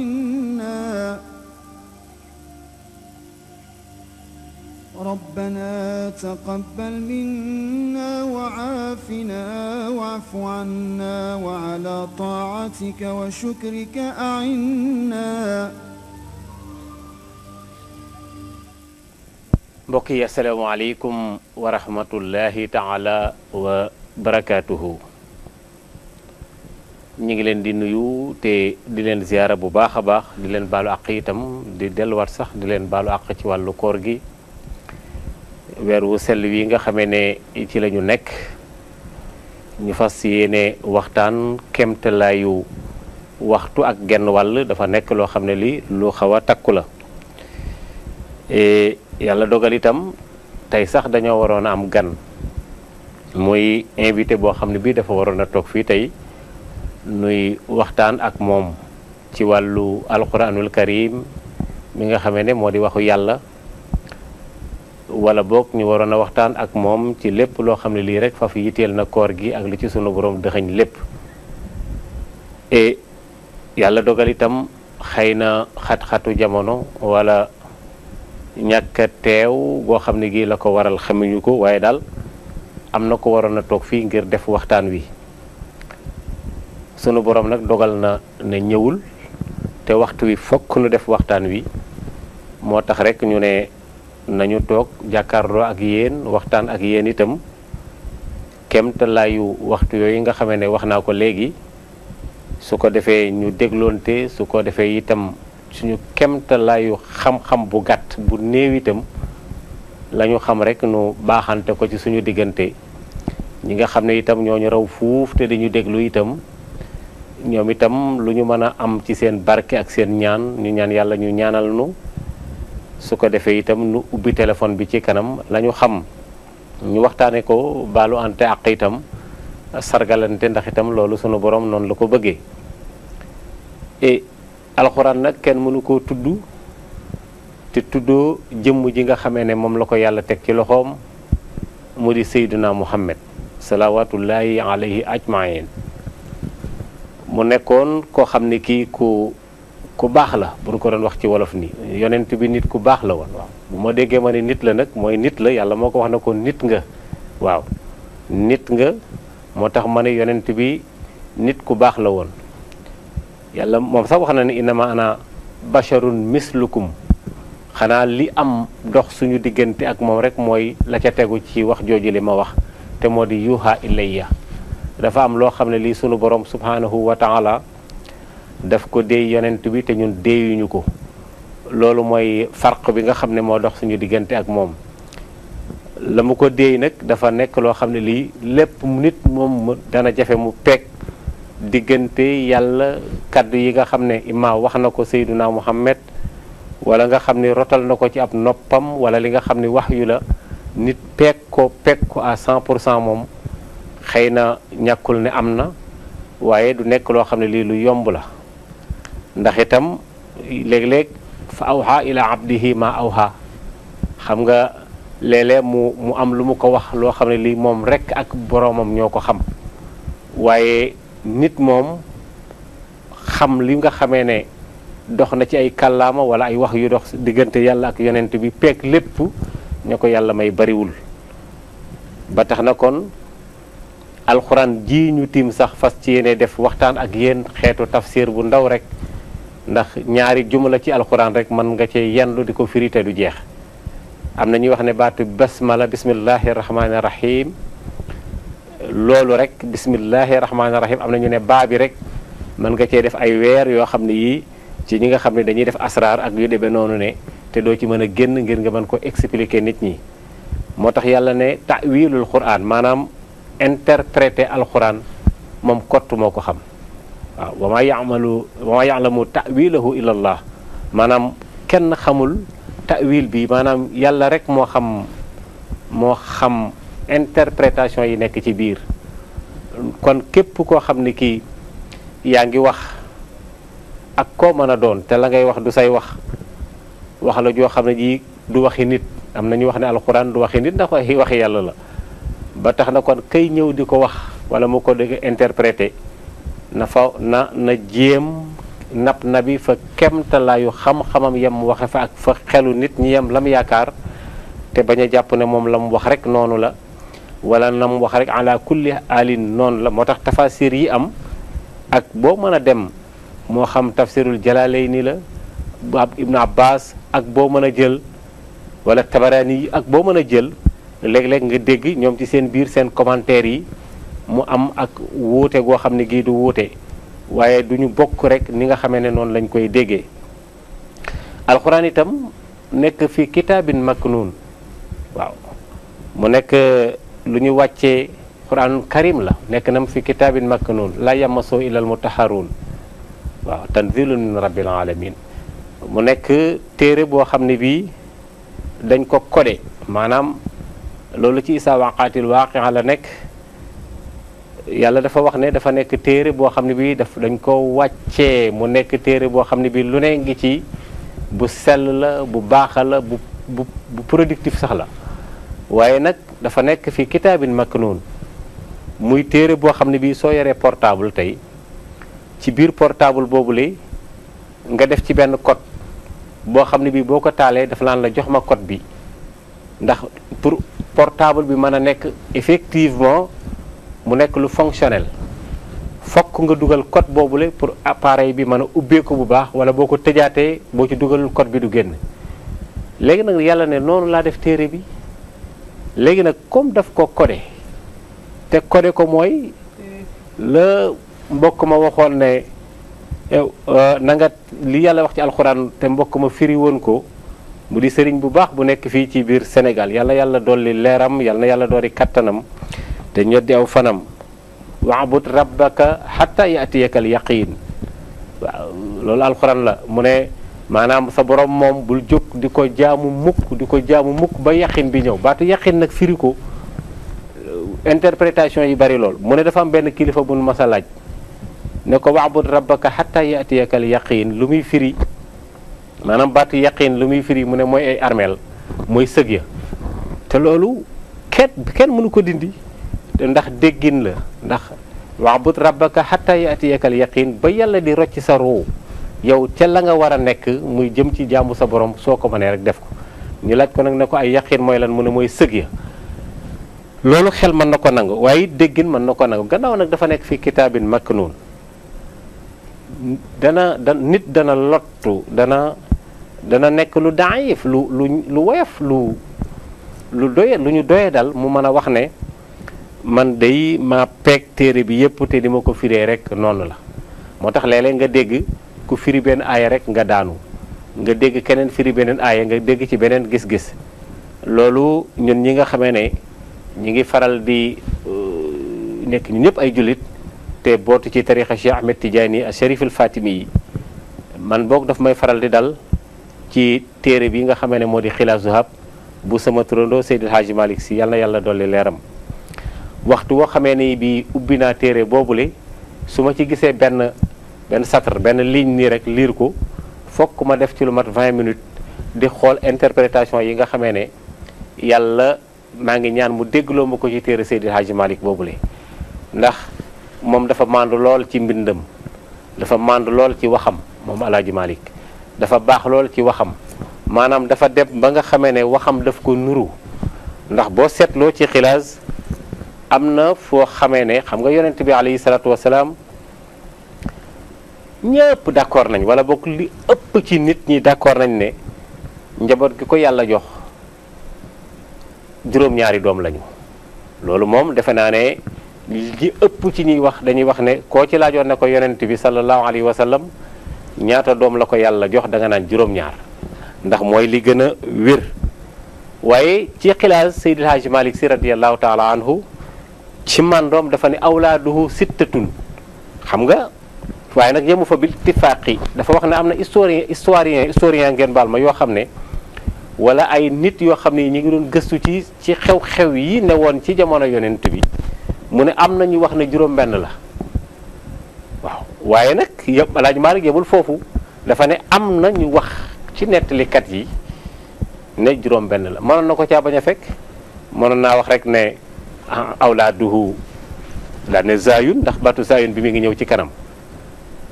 عنا ربنا تقبل منا وعافنا واعف عنا وعلى طاعتك وشكرك أعنا mbokk yi asalaamaaleykum wa rahmatullahi taala wa barakaatuhu ñu ngi leen di nuyu te di leen ziyaara bu baax a baax di leen baalu àq itam di delluwaat sax di leen baalu àq ci wàllu koor gi weer wu sell wi nga xamee ne ci la ñu nekk ñu fas yéene waxtaan kemtalaayu waxtu ak genn wàll dafa nekk loo xam ne li lu xaw a takku la e, yàlla dogal itam tey sax dañoo waroon a am gan muy invité boo xam ne bii dafa waroon a toog fii tey nuy waxtaan ak moom ci wàllu alquranul karim mi nga xamee ne moo di waxu yàlla wala boog ñu waroon a waxtaan ak moom ci lépp loo xam ne lii rek fafu yiteel na koor gi ak li ci sunu borom dëxëñ lépp et yàlla dogalitam itam xëy na xat-xatu jamono wala ñàkk teew goo xam ne gii la ko waral xamuñu ko waaye daal am na ko waroon a toog fii ngir def waxtaan wi sunu borom nag dogal na ne ñëwul te waxtu wi fokk nu def waxtaan wi moo tax rek ñu ne nañu toog jàkkaarloo ak yéen waxtaan ak yéen itam kemtalaayu waxtu yooyu nga xamee ne wax naa ko léegi su ko defee ñu dégloonte su ko defee itam suñu kemtalaayu xam-xam bu gàtt bu néew itam lañu xam rek nu baaxante ko ci suñu diggante ñi nga xam ne itam ñoo ñu raw fuuf te dañu déglu itam ñoom itam lu ñu mën a am ci seen barke ak seen ñaan ñu ñaan yàlla ñu ñaanal nu su ko defee itam nu ubbi téléphone bi ci kanam lañu xam ñu waxtaane ko baalu ante àq itam sargalante ndax itam loolu sunu boroom noonu la ko bëggee e alxuraan nag kenn mënu koo tudd te tuddoo jëmm ji nga xamee ne moom la ko yàlla teg ci loxoom mu di Seydina Muhammad salawaatullaahi alayhi ajmain mu nekkoon koo xam ni kii ku ku baax la bu ñu ko doon wax ci wolof nii yonent bi nit ku baax la woon waaw bu ma déggee ma ne nit la nag mooy nit la yàlla moo ko wax na ko nit nga waaw nit nga moo tax ma ne yonent bi nit ku baax la woon yàlla moom sax wax na ni innama ana basharun mislukum xanaa li am dox suñu diggante ak moom rek mooy la ca tegu ci wax jooju li ma wax te moo di yuuxa ilayya dafa am loo xam ne lii suñu borom subhaanahu wa taala daf ko déey yonent bi te ñun déeyuñu ko loolu mooy farq bi nga xam ne moo dox suñu diggante ak moom la mu ko déey nag dafa nekk loo xam ne lii lépp nit moom dana jafe mu peeg diggante yàlla kaddu yi nga xam ne imma wax na ko Seyduna Muhammad wala nga xam ne rotal na ko ci ab noppam wala li nga xam ne wax yu la nit peeg ko peeg ko à cent pour cent moom xëy na ñàkkul ne am na waaye du nekk loo xam ne lii lu yomb la ndax itam léeg-léeg fa awha ila abdihi ma awha xam nga léeg mu mu am lu mu ko wax loo xam ne lii moom rekk ak boroomam ñoo ko xam waaye nit moom xam li nga xamee ne dox na ci ay kàllaama wala ay wax yu dox diggante yàlla ak yonent bi peeg lépp ñoo ko yàlla may bariwul ba tax na kon alxuraan ji ñu tiim sax fas ci yéene def waxtaan ak yéen xeetu tafsir bu ndaw rek ndax ñaari jumla ci alxuraan rek mën nga cee yandu di ko firi te du jeex am na ñuy wax ne baatu basmala bismillahi rahmaani rahim loolu rek bismillahi rahmaani rahim am na ñu ne baa bi rek mën nga cee def ay weer yoo xam ne yii ci ñi nga xam ne dañuy def asraar ak yu demee noonu ne te doo ci mën a génn ngir nga mën ko expliquer nit ñi moo tax yàlla ne ta'wilul quran interpréter alxuraan moom kott moo ko xam waaw wa maa yaamalu wa maa yaalamu tawilahu illa allah maanaam kenn xamul tawil bi maanaam yàlla rek moo xam moo xam interprétation yi nekk ci biir kon képp koo xam ni kii yaa ngi wax ak koo mën a doon te la ngay wax du say wax wax la joo xam ne jii du waxi nit am na ñu wax ne alxuraan du waxi nit ndax waxi waxi yàlla la ba tax na kon kay ñëw di ko wax wala mu ko di interprété na fa na na jéem nap na bi fa kemtalaayu xam-xamam yem waxe fa ak fa xelu nit ñi yem lam yaakaar te bañ a jàpp ne moom la mu wax rek noonu la walla na mu wax rek ala kulli alin noonu la moo tax tafasir yi am ak boo mën a dem moo xam tafsirul nii la na ibnu ak boo mën a jël wala tabaraani yi ak boo mën a jël léeg-léeg nga dégg ñoom ci seen biir seen commentaire yi mu am ak wuute goo xam ne gii du wuute waaye du ñu bokk rek ni nga xamee ne noonu lañ koy dégge alxuraan itam nekk fi kitaabin maknuun waaw mu nekk lu ñu wàccee xuraanul karim la nekk nam fi kitaabin maknuun la yamasoo ilal mutaharuun waaw tanzilun min rabbil alamin mu nekk téere boo xam ne bii dañ ko codé maanaam loolu ci isaa waqaatil waaqia la nekk yàlla dafa wax ne dafa nekk téere boo xam ne bii daf dañ ko wàccee mu nekk téere boo xam ne bii lu ne ngi ci bu sell la bu baaxa bu bu productif sax la waaye nag dafa nekk fi kitaabin maknuun muy téere boo xam ne bii soo yoree portable tey ci biir portable boobu li nga def ci benn code boo xam ne bii boo ko taalee dafa naan la jox ma code bi ndax pour portable bi mën a nekk effectivement mu nekk lu fonctionnel fokk nga dugal boobu boobule pour appareil bi mën a ubbeeku bu baax wala boo ko tëjaatee boo ci dugalul code bi du génn léegi nag yàlla ne noonu laa def téere bi léegi nag comme daf ko codé te codé ko mooy la mbokk ma waxoon ne eh, euh, na nga li yàlla wax ci alxuraan te mbokk ma firi woon ko mu di sëriñ bu baax bu nekk fii ci biir Sénégal yal na yàlla dolli leeram yal na yàlla dolli kàttanam te ñoddi aw fanam waabud rabbaka xatta yaatiyaka al yaqiin loolu alxuraan la mu ne maanaam sa borom moom bul jóg di ko jaamu mukk di ko jaamu mukk ba yaqin bi ñëw baatu yaqin nag firi ko euh, interprétation yi bari lool mu ne dafa am benn kilifa bu nu laaj ne ko waabud rabbaka xatta yaatiyaka al yaqiin lu muy firi maanaam baatu yaqin lu muy firi mu ne mooy ay armeel mooy sëg ya te loolu kenn mënu ko dindi ndax déggin la ndax waabud rabbaka at yaatiyakal yaqin ba yàlla di rocc sa ruu yow ca la nga war a nekk muy jëm ci jaamu sa borom soo ko mënee rek def ko ñu laaj ko nag ne ko ay yaqin mooy lan mu ne mooy sëg ya loolu xel mën na ko nangu waaye déggin mën na ko nangu gannaaw nag dafa nekk fii kitaabin maknuun dana da nit dana lottu dana dana nekk lu daayif lu lu lu woyof lu lu doye lu ñu doye dal mu mën a wax ne man day ma peeg téere bi yëpp te di ma ko firee rek noonu la moo tax léeg-léeg nga dégg ku firi benn aaya rek nga daanu nga dégg keneen firi beneen aaya nga dégg ci beneen gis-gis loolu ñun ñi nga xamee ne ñi ngi faral di euh, nekk ñun ñëpp ay jullit te bootu ci tarixa Cheikh Ahmed Tidiane yi ak Chérif faatimi yi man boog daf may faral di dal ci téere bi nga xamee ne moo di xilaas zuhab bu sama turandoo Seydil Hadji si yal yàlla dolli leeram waxtu woo xamee ni bi ubbi naa téere boobule su ma ci gisee benn benn satr benn ligne nii rek liir ko fokk ma def ci lu mat 20 minutes di xool interprétation yi nga xamee ne yàlla maa ngi ñaan mu déggloo ma ko ci téere seddi Hadji Malick boobule ndax moom dafa màndu lool ci mbindam dafa màndu lool ci waxam moom Alaaji Malick dafa baax lool ci waxam maanaam dafa dem ba nga xamee ne waxam daf ko nuru ndax boo seetloo ci xilaas am na foo xamee ne xam nga yonent bi alayhi salaatu wasalaam ñëpp d'accord nañ wala bokk li ëpp ci nit ñi d'accord nañ ne njaboot ki ko yàlla jox juróom-ñaari doom lañu loolu moom defe naa ne li ëpp ci ñuy wax dañuy wax ne koo ci laajoon ne ko yonent bi sallallahu alayhi wa sallam ñaata doom la ko yàlla jox danga naan juróom-ñaar ndax mooy li gën a wér waaye ci xilaas Seydil Haaji Malik si radiyallahu taala anhu ci màndoom dafa ne awlaaduhu sittatun xam nga waaye nag yemu fa bil ittifaaqi dafa wax ne am na historien historien historien ngeen baal ma yoo xam ne wala ay nit yoo xam ne ñu ngi doon gëstu ci ci xew-xew yi ne woon ci jamono yonent bi mu ne am na ñu wax ne juróom-benn la waaw waaye nag yow alaaj Maalik yebul foofu dafa ne am na ñu wax ci nettalikat yi ne juróom la mënoon na ko caa bañ a fekk mënoon naa wax rek ne ah, awlaaduhu daa ne zaayun ndax baatu zaayun bi mi ngi ñëw ci kanam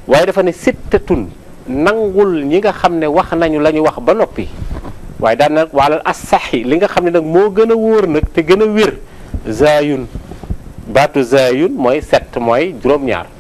waaye dafa ne sittatun nangul ñi nga xam ne wax nañu la wax ba noppi waaye daan nag waalal assaxi li nga xam ne nag moo gën a wóor nag te gën a wér zaayun baatu zaayun mooy set mooy juróom-ñaar